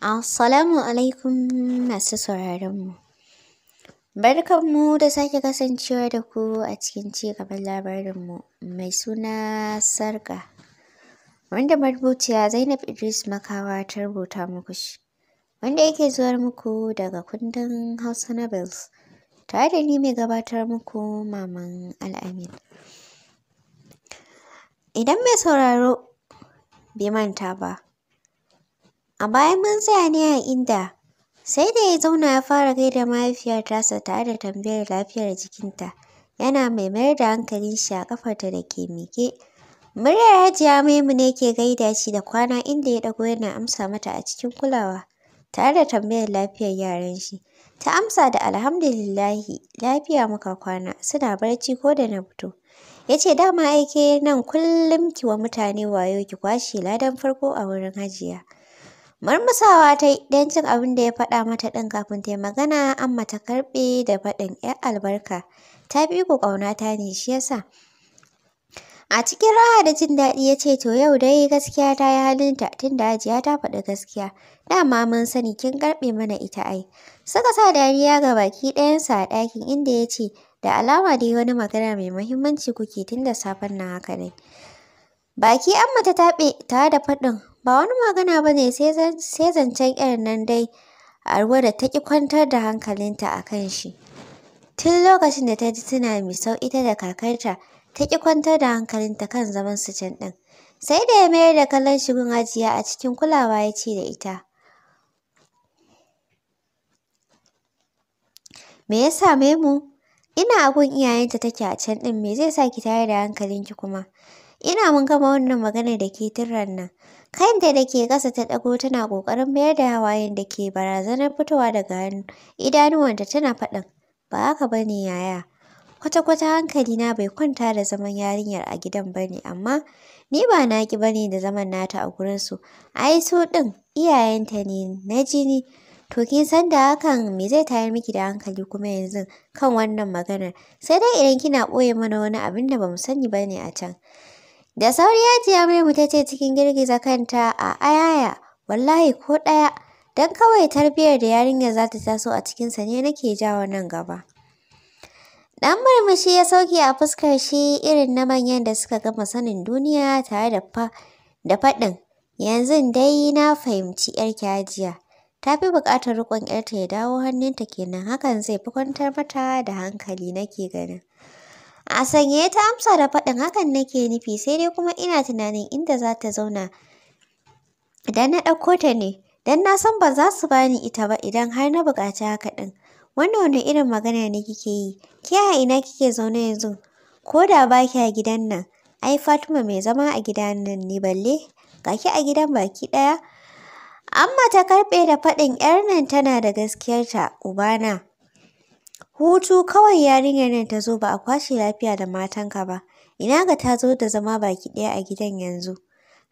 Assalamu alaikum masu sauraronmu. Barkanmu da sake kasancewa da ku a cikin ci gaban labarinmu mai suna sarka. Wanda marubuciya Zainab Idris Makawa ta rubuta muku shi. Wanda yake zuwar muku daga kundin Hausa Nobles Tare da ni mai gabatar muku Maman Al'amin. Idan mai sauraro bai manta ba. A baya mun tsaya ne a inda sai da ya zauna ya fara gaida mahaifiyar tasa tare da tambayar lafiyar jikinta, yana mai mayar da hankalin shi a ƙafarta da ke miƙe. Muryar Hajiya Maimu ne ke gaida shi da kwana inda ya ɗago yana amsa mata a cikin kulawa tare da tambayar lafiyar yaran shi. Ta amsa da alhamdulillahi lafiya muka kwana suna barci ko da na fito. Ya ce dama aike nan kullum ki wa mutane wayo ki kwashe ladan farko a wurin Hajiya. Murmusawa ta yi don cin abin da ya faɗa mata ɗin kafin ta yi magana, amma ta karɓe da faɗin ‘yar albarka. Ta bi ku ƙaunata ne shi yasa. A cikin raha da jin daɗi ya ce to yau dai gaskiya ta yi halinta tunda ajiya ta faɗi gaskiya. Dama mun sani kin karɓe mana ita ai. Suka sa dariya ga baki ɗayansa a ɗakin inda ya ce da alama dai wani magana mai muhimmanci kuke tun da safen nan haka ne. Baki amma ta taɓe tare da faɗin ba wani magana ba ne sai zancen irin nan dai a ruwa da ta ƙi kwantar da hankalinta a kan shi. Tun lokacin da ta ji tana mai sau ita da kakarta ta ƙi kwantar da hankalinta kan zaman su can ɗin. Sai da ya mayar da kallon shigun ajiya a cikin kulawa ya ce da ita. Me ya same mu? Ina abun iyayenta take a can ɗin me zai sa ki tayar da hankalinki kuma? Ina mun gama wannan magana da ke tiran nan. Kayanta da ke ƙasa ta dago tana kokarin mayar da hawayen da ke barazanar fitowa daga hannu. Idanuwanta tana faɗin, ba haka ba ne yaya. Kwata-kwata hankalina bai kwanta da zaman yarinyar a gidan ba ne, amma ni ba naƙi ba ne da zaman nata a gurinsu. Ai su ɗin iyayenta ne na jini. To kin san da hakan me zai tayar miki da hankali kuma yanzu kan wannan maganar. Sai dai idan kina ɓoye mana wani abin da bamu sani ba ne a can. Da sauri Hajiya Maimuna ta ce cikin girgiza kanta a ayaya, wallahi ko ɗaya, don kawai tarbiyyar da yarinya za ta taso a cikinsa ne nake jawo nan gaba. Ɗan murmushi ya sauke a fuskar shi irin na manyan da suka gama sanin duniya tare da fa faɗin, yanzu dai na fahimci ‘yarki Hajiya. Ta fi buƙatar riƙon ‘yarta ya dawo hannunta kenan hakan zai fi kwantar mata da hankali nake ganin. A sanye ta amsa da faɗin hakan nake nufi sai dai kuma ina tunanin inda za ta zauna. Idan na ɗauko ta ne, don na san ba za su bani ita ba idan har na buƙaci haka ɗin. Wannan wani irin magana ne kike yi? Ke a ina kike zaune yanzu? Ko da ba ki a gidan nan, ai Fatima mai zama a gidan nan ne balle, ga ki a gidan baki ɗaya. Amma ta karɓe da faɗin ‘yar nan tana da gaskiyarta, ubana. Hutu kawai yarinyar nan ta zo ba a kwashe lafiya da matanka ba. Ina ga ta zo da zama baki ɗaya a gidan yanzu.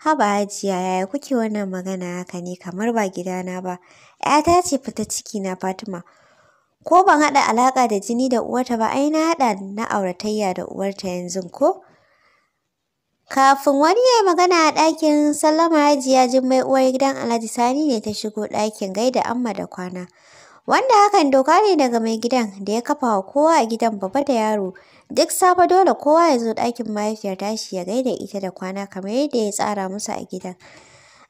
Haba hajiya yaya kuke wannan magana haka ne kamar ba gidana ba. ta ce fita ciki na Fatima. Ko ban haɗa alaƙa da jini da uwarta ba ai na haɗa na auratayya da uwarta yanzu ko? Kafin wani ya magana a ɗakin sallama hajiya Jummai uwar gidan Alhaji Sani ne ta shigo ɗakin gaida Amma da kwana. wanda hakan doka ne daga mai gidan da ya kafa wa kowa a gidan babba da yaro duk safe dole kowa ya zo ɗakin mahaifiyar tashi ya gaida ita da kwana kamar yadda ya tsara musu a gidan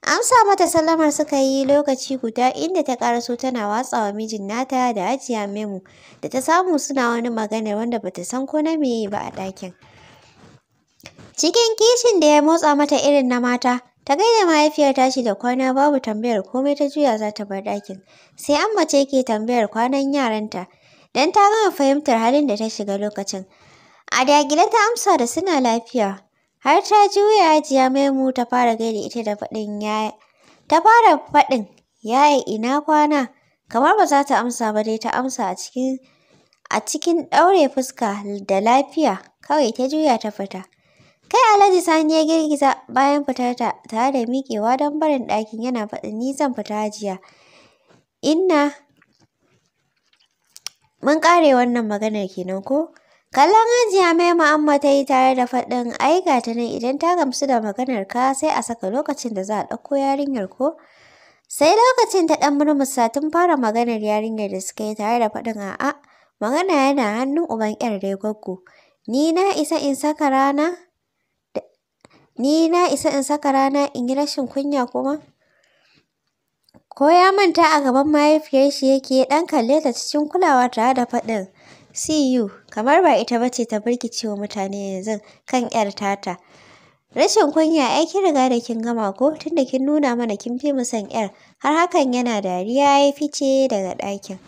amsa mata sallamar suka yi lokaci guda inda ta karaso tana watsawa mijin nata da ajiya memu da ta samu suna wani magana wanda bata san ko na meye ba a ɗakin cikin kishin da ya motsa mata irin na mata Ta gaida mahaifiyar tashi da kwana babu tambayar komai ta juya za ta bar ɗakin. Sai amma ce ke tambayar kwanan yaranta, dan ta gama fahimtar halin da ta shiga lokacin. A gida ta amsa da suna lafiya. Har ta juya ajiya maimu ta fara gaida ita da faɗin yaya. Ta fara faɗin yaya ina kwana. Kamar ba za ta amsa ba dai ta amsa a cikin a cikin ɗaure fuska da lafiya kawai ta juya ta fita. Kai Alhaji Sani ya girgiza bayan fitarta tare da miƙewa don barin ɗakin yana faɗin nisan zan fita jiya. Inna mun ƙare wannan maganar kenan ko? Kallon hajiya mai ma'amma ta yi tare da faɗin ai ta nan idan ta gamsu da maganar ka sai a saka lokacin da za a ɗauko yarinyar ko? Sai lokacin ta ɗan murmusa tun fara maganar yarinyar da suka yi tare da faɗin a'a magana yana hannun uban ƙyar dai gwaggo. Ni na isa in saka rana? Ni na isa in saka rana in yi rashin kunya kuma? Ko ya manta a gaban mahaifiyar shi yake ɗan kalle ta cikin kulawa tare da faɗin. CU kamar ba ita bace ta birkice wa mutane yanzu kan 'yar tata. Rashin kunya ai kin riga da kin gama ko tunda kin nuna mana kin fi mu son 'yar har hakan yana dariya ya fice daga ɗakin.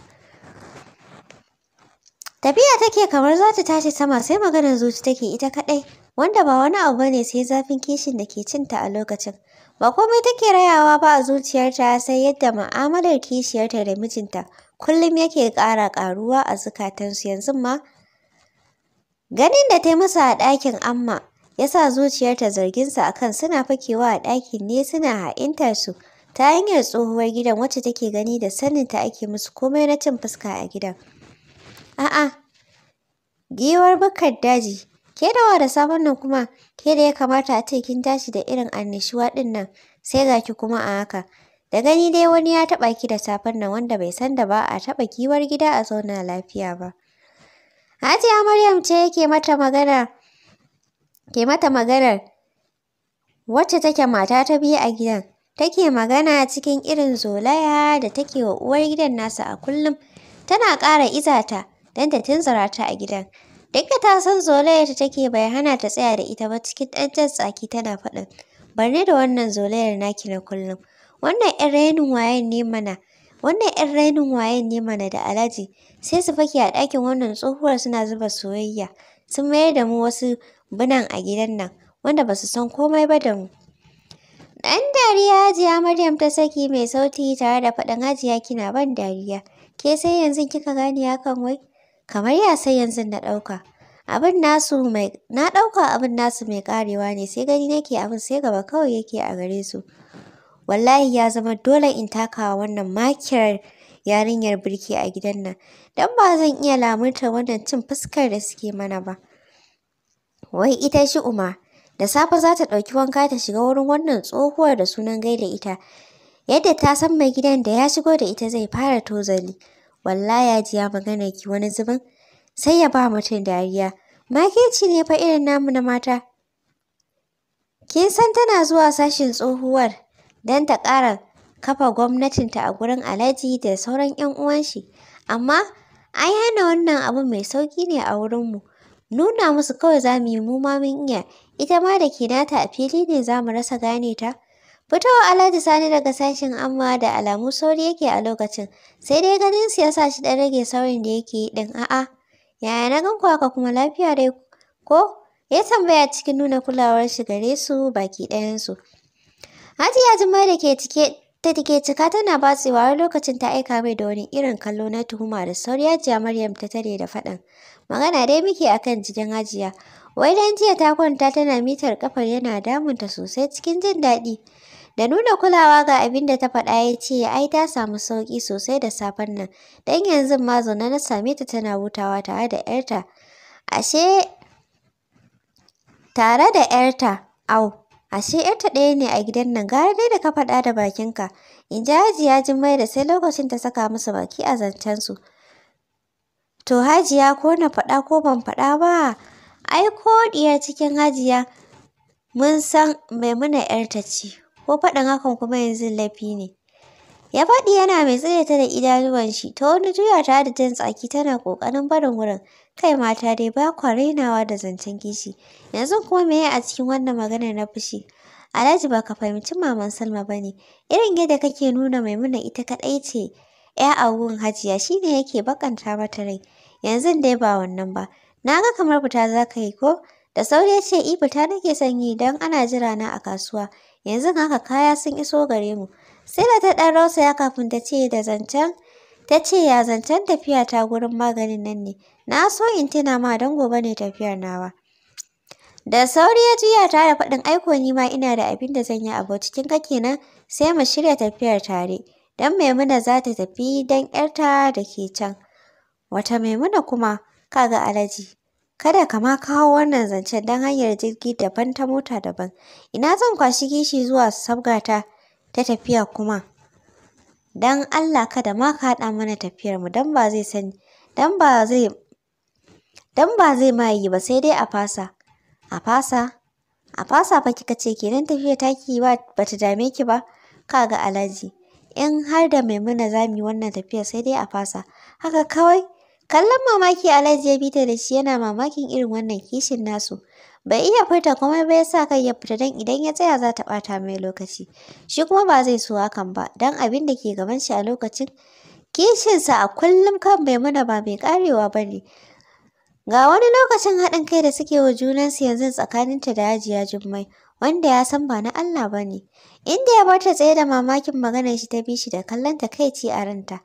Tafiya take kamar za ta tashi sama sai maganar zuci take ita kaɗai, wanda ba wani abu ne sai zafin kishin da ke cinta a lokacin. Ba komai take rayawa ba a zuciyarta sai yadda ma'amalar kishiyarta da mijinta kullum yake ƙara ƙaruwa a zukatansu yanzu ma. Ganin da ta yi a ɗakin amma ya sa zuciyarta zarginsa kan suna fakewa a ɗakin ne suna ha'intarsu su. ta hanyar tsohuwar gidan wacce take gani da saninta ake musu komai na cin fuska a gidan. A'a, giwar bukkar daji, ke da wa da safen nan kuma, ke da ya kamata a ce kin tashi da irin annishuwa ɗin nan, sai ga ki kuma a haka. Da gani dai wani ya taɓa ki da safen nan wanda bai san da ba a taɓa giwar gida a zauna lafiya ba. Hajiya Maryam ce yake mata magana, ke mata maganar wacce take mata ta biyu a gidan. Take magana cikin irin zolaya da take wa uwar gidan nasa a kullum. Tana ƙara izata don ta tunzura ta a gidan. Duk da ta san zolayar take bai hana ta tsaya da ita ba cikin ɗan jan tsaki tana faɗin. Barni da wannan zolayar naki na kullum. Wannan 'yan rainin wayen ne mana. Wannan rainin wayen ne mana da alhaji, Sai su faki a ɗakin wannan tsohuwar suna zuba soyayya. Sun mayar da mu wasu bunan a gidan nan wanda ba su san komai ba da mu. Ɗan dariya Hajiya Maryam ta saki mai sauti tare da faɗin Hajiya kina ban dariya. Ke sai yanzu kika gane hakan wai? kamar ya sai yanzu na ɗauka abin nasu mai na ɗauka abin nasu mai ƙarewa ne sai gani nake abin sai gaba kawai yake a gare su wallahi ya zama dole in takawa wannan makirar yarinyar birki a gidan nan don ba zan iya lamurtar wannan cin fuskar da suke mana ba wai ita shi uma. da safe za ta ɗauki wanka ta shiga wurin wannan tsohuwar da sunan gaida ita yadda ta san mai gidan da ya shigo da ita zai fara tozali wallahi ya magana ki wani zubin sai ya ba mutum dariya makeci ne fa irin namu na mata kin san tana zuwa sashin tsohuwar don ta ƙara kafa gwamnatinta a gurin alhaji da sauran 'yan uwan shi amma ai hana wannan abu mai sauƙi ne a wurin mu. nuna musu kawai za mu yi mu ma iya ita ma da ke nata a fili ne za mu rasa gane ta fitowar Alhaji Sani daga sashen amma da alamu sauri yake a lokacin, sai dai ganin su ya sa shi ɗan rage saurin da yake yi ɗin a'a. Yaya na gan ku haka kuma lafiya dai ko? Ya tambaya cikin nuna kulawar shi gare su baki ɗayansu. Hajiya jima da ke cike ta take cika tana batsewa har lokacin ta aika mai da wani irin kallo na tuhuma da sauri Hajiya Maryam ta tare da faɗan. Magana dai muke akan jidan Hajiya. Wai dan jiya ta kwanta tana mitar kafar yana damunta sosai cikin jin daɗi. Da nuna kulawa ga abin da ta faɗa ya ce ai ta samu sauƙi sosai da safen nan, Dan yanzu ma zaune na same ta tana hutawa tare da ‘yarta. Ashe tare da ‘yarta, au, ashe ‘yarta ɗaya ne a gidan nan gara dai da ka faɗa da bakinka. In ji Hajiya Jummai da sai lokacin ta saka musu baki a zancen su. To Hajiya ko na faɗa ko ban faɗa ba, ai ko ɗiya cikin Hajiya mun san Maimuna ‘yarta ce. ko faɗin hakan kuma yanzu laifi ne. Ya faɗi yana mai tsare ta da idanuwan shi, ta wani juya ta da jan tsaki tana ƙoƙarin barin wurin. Kai mata dai ba kwa rainawa da zancen kishi. Yanzu kuma meye a cikin wannan maganar na fushi? Alhaji ba ka fahimci maman Salma ba ne. Irin yadda kake nuna Maimuna ita kaɗai ce ‘ya a wurin Hajiya shi ne yake bakanta mata rai. Yanzu dai ba wannan ba. Na ga kamar fita za ka yi ko? Da sauri ya ce Ibu ta nake sanyi don ana jira na a kasuwa. Yanzu haka kaya sun iso gare mu. Sai da ta ɗan rausaya kafin ta ce da zancen ta ce ya zancen tafiya ta gurin maganin nan ne. Na so in tuna ma don gobe ne tafiyar nawa. Da sauri ya juya da faɗin aiko ni ma ina da abin da zan yi abu cikin ka kenan sai mu shirya tafiyar tare. dan Maimuna za ta tafi dan ‘yarta da ke can. Wata Maimuna kuma kaga alaji Kada ka ma kawo wannan zancen don hanyar jirgi daban ta mota daban. Ina zan kwashi kishi zuwa sabgata ta tafiya kuma? Don Allah kada ma ka haɗa mana tafiyarmu don ba zai sani, don ba zai, don ba zai ma yi ba sai dai a fasa. A fasa? A fasa fa kika ce kenan tafiyar ki ba ba ta dame ki ba? ka ga Alhaji, in har da Maimuna za mu yi wannan tafiyar sai dai a fasa. Haka kawai? Kallon mamaki Alhaji ya bita da shi yana mamakin irin wannan kishin nasu. Bai iya furta kuma ba ya sa kai ya fita don idan ya tsaya za ta ɓata mai lokaci. Shi kuma ba zai so hakan ba don abin da ke gaban shi a lokacin kishinsa a kullum kan Maimuna ba mai ƙarewa ba ne. Ga wani lokacin haɗin kai da suke wa junansu yanzu tsakaninta da Hajiya Jummai wanda ya san ba na Allah ba ne. Inda ya bar ta tsaye da mamakin maganar shi ta bi shi da kallon takaici a ranta.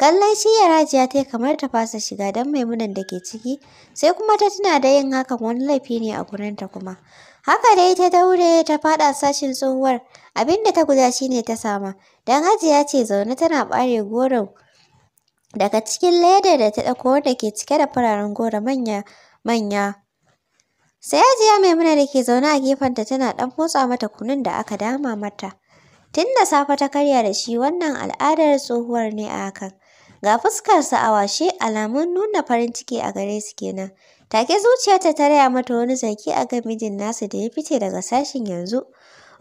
Kallon shiyar rajiya ta kamar ta fasa shiga don maimunan da ke ciki, sai kuma ta tuna da yin hakan wani laifi ne a gurin ta kuma. Haka dai ta daure ta faɗa sashin tsohuwar, abinda ta guda shine ta sama, don Hajiya ce zaune tana ɓare goro daga cikin ledar da ta ɗauko wanda ke cike da fararen goro manya manya. Sai Hajiya Maimuna da ke zaune a gefen ta tana ɗan motsa mata kunun da aka dama mata. Tun da safe ta karya da shi wannan al'adar tsohuwar ne a hakan. Ga fuskarsa a washe alamun nuna farin ciki a gare su kenan. Take zuciyarta ta raya mata wani zaki a ga mijin nasa da ya fice daga sashin yanzu,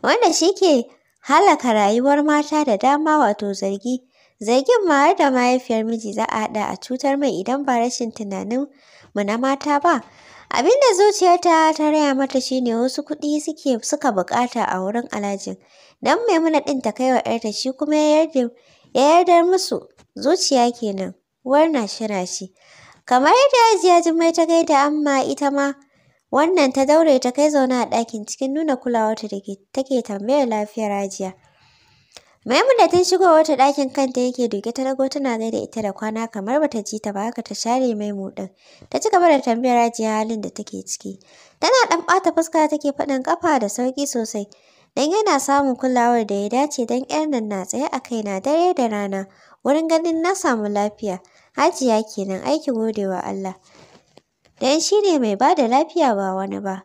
wanda shi ke halaka rayuwar mata da dama wato zargi. Zargin ma har da mahaifiyar miji za a haɗa a cutar mai idan ba rashin tunanin mu na mata ba. Abinda zuciyarta ta raya mata shine wasu kuɗi suke suka buƙata a wurin alhajin. Dan Maimuna ɗin ta kai wa ‘yarta shi kuma ya yarda ya yardar musu zuciya kenan uwar na shira ce kamar yadda hajiya jummai ta gaida amma ita ma wannan ta daure ta kai zaune a ɗakin cikin nuna kulawar ta take tambayar lafiyar hajiya Maimuna tun wata ɗakin kanta yake doke ta rago tana gaida ita da kwana kamar bata ji ta ba haka ta share mai ɗin. Ta ci gaba da tambayar Hajiya halin da take ciki. Tana ɗan ɓata fuska take faɗin ƙafa da sauƙi sosai. Dan yana samun kulawar da ya dace dan 'yar nan na tsaye a kaina dare da rana wurin ganin na samu lafiya. Hajiya kenan aikin godewa Allah. Dan shi ne mai ba da lafiya ba wani ba.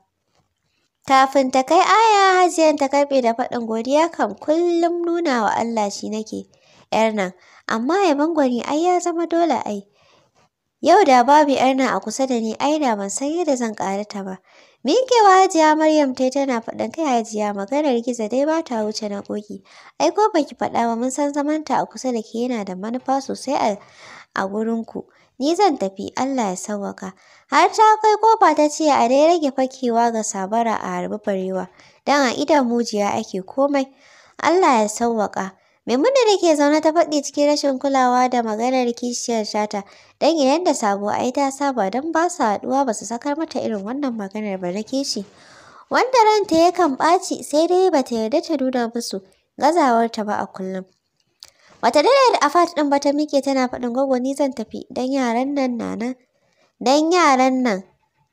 Kafin ta kai aya hajiyan ta karɓe da faɗin godiya kam kullum nuna wa Allah shi nake ‘yar nan, amma yaban gwani ai ya zama dole ai. Yau da babu ‘yarna a kusa da ni ai da ban san yadda zan ta ba. Miƙewa Hajiya Maryam tai tana faɗin kai Hajiya maganar Gizo dai ba ta wuce na ƙoƙi. Ai ko baki faɗa ba mun san zamanta a kusa da ke yana da manufa sosai a gurinku. Ni zan tafi Allah ya sawwaka. Har ta kai kofa ta ce a dai rage fakewa ga sabara a harbi barewa. dan a idon mujiya ake komai. Allah ya sawwaka. Maimuna da ke zaune ta faɗi cikin rashin kulawa da maganar kishiyar shata, dan idan da sabo ai ta saba don ba su haɗuwa ba su sakar mata irin wannan maganar ba na kishi. Wanda ranta yakan ɓaci sai dai ba ta yarda ta nuna musu gazawarta ba a kullum. Wata daɗa a afat ɗin ba ta miƙe tana faɗin gwagwani zan tafi don yaran nan na nan. Don yaran nan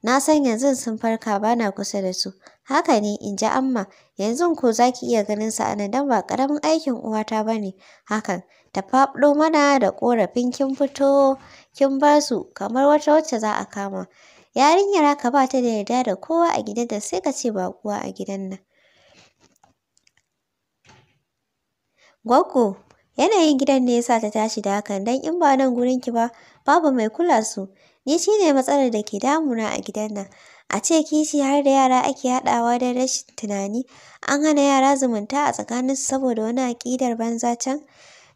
Na san yanzu sun farka bana kusa da su. Haka ne, in ji Amma, yanzu ko za ki iya ganin sa anan don ba ƙaramin aikin uwata ba ne. Hakan, ta faɗo mana da ƙorafin kin fito, kin ba su kamar wata wacce za a kama. Yarinyar haka ba ta da yarda da kowa a gidan da sai ka ce ba kowa a gidan nan. Gwaggo, yanayin gidan ne ya sa ta tashi da hakan dan in ba nan gurinki ba, babu mai kula su. Ni shi ne matsalar da ke damuna a gidan nan. A ce kishi har da yara ake haɗawa da rashin tunani, an hana yara zumunta a tsakaninsu saboda wani aƙidar banza can.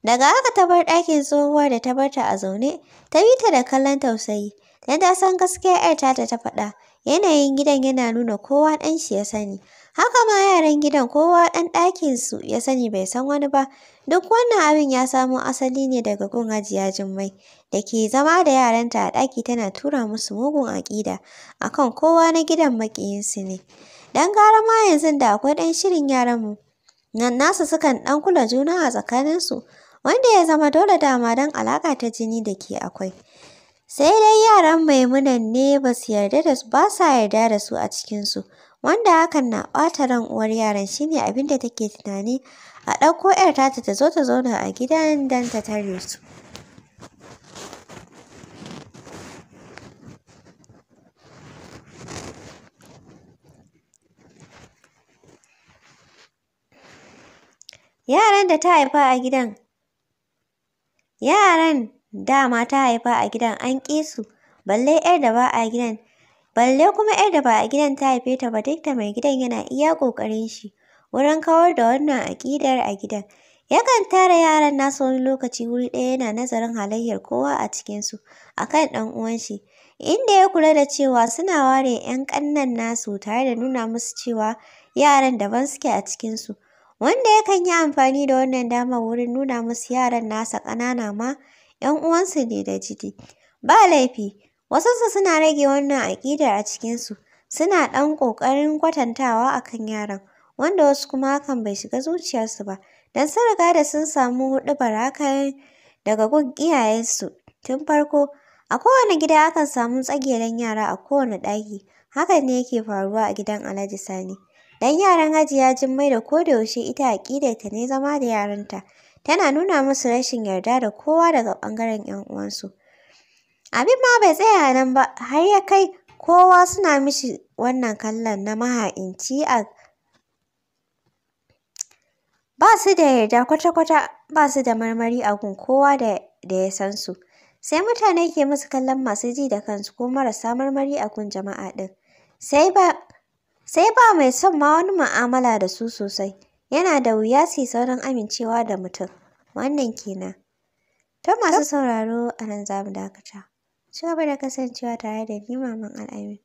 Daga haka ta bar ɗakin tsohuwar da ta barta a zaune, ta bi ta da kallon tausayi. Dan ta san gaskiya 'yar tata ta faɗa. Yanayin gidan yana nuna kowa ɗan shi ya sani. Haka ma yaran gidan kowa ɗan su ya sani bai san wani ba. Duk wannan abin ya samo asali ne daga gun ajiya Jummai da ke zama da yaranta a ɗaki tana tura musu mugun aƙida akan kowa na gidan su ne. Dan gara ma yanzu da akwai ɗan shirin yaran mu Nan nasu sukan ɗan kula juna a tsakanin su wanda ya zama dole dama don alaƙa ta jini da ke akwai. Sai dai yaran Maimunan ne ba su yarda da su ba sa yarda da su a cikinsu, wanda hakan na ɓata ran uwar yaran shine abin da take tunani a ɗauko 'yar tata ta zo ta zauna a gidan don ta tare su. Yaran da ta haifa a gidan Yaran dama ta haifa a gidan an ƙi su balle 'yar da ba a gidan balle kuma 'yar da ba a gidan ta haife ta ba duk da mai gidan yana iya ƙoƙarin shi wurin kawar da wannan aƙidar a gidan yakan tara yaran nasa wani lokaci wuri ɗaya yana nazarin halayyar kowa a cikinsu kan ɗan uwan shi inda ya kula da cewa suna ware 'yan ƙannan nasu tare da nuna musu cewa yaran daban suke a cikinsu wanda yakan yi amfani da wannan damar wurin nuna musu yaran nasa ƙanana ma 'yan uwansu ne da jini. Ba laifi, wasansu suna rage wannan aƙidar a cikinsu, suna ɗan ƙoƙarin kwatantawa a kan yaran, wanda wasu kuma hakan bai shiga zuciyarsu ba, don sun riga da sun samu huɗubar hakan daga gun iyayensu tun farko. A kowane gida akan samu tsageren yara a kowane ɗaki, hakan ne yake faruwa a gidan Alhaji Sani. Dan yaran Hajiya Jummai da kodayaushe ita aƙidarta ne zama da yaranta. tana nuna musu rashin yarda da kowa daga ɓangaren 'yan uwansu. Abin ma bai tsaya nan ba, har ya kai kowa suna mishi wannan kallon na maha'inci a ba su da yarda kwata-kwata ba su da marmari a gun kowa da ya san su. Sai mutane ke musu kallon masu ji da kansu ko marasa marmari a gun jama'a ɗin. Sai ba sai ba mai son ma wani ma'amala da su sosai. yana da wuya su yi saurin amincewa da mutum. Wannan kenan. Ta masu sauraro a nan za mu dakata. Ci gaba da kasancewa tare da ni Maman Al'amin.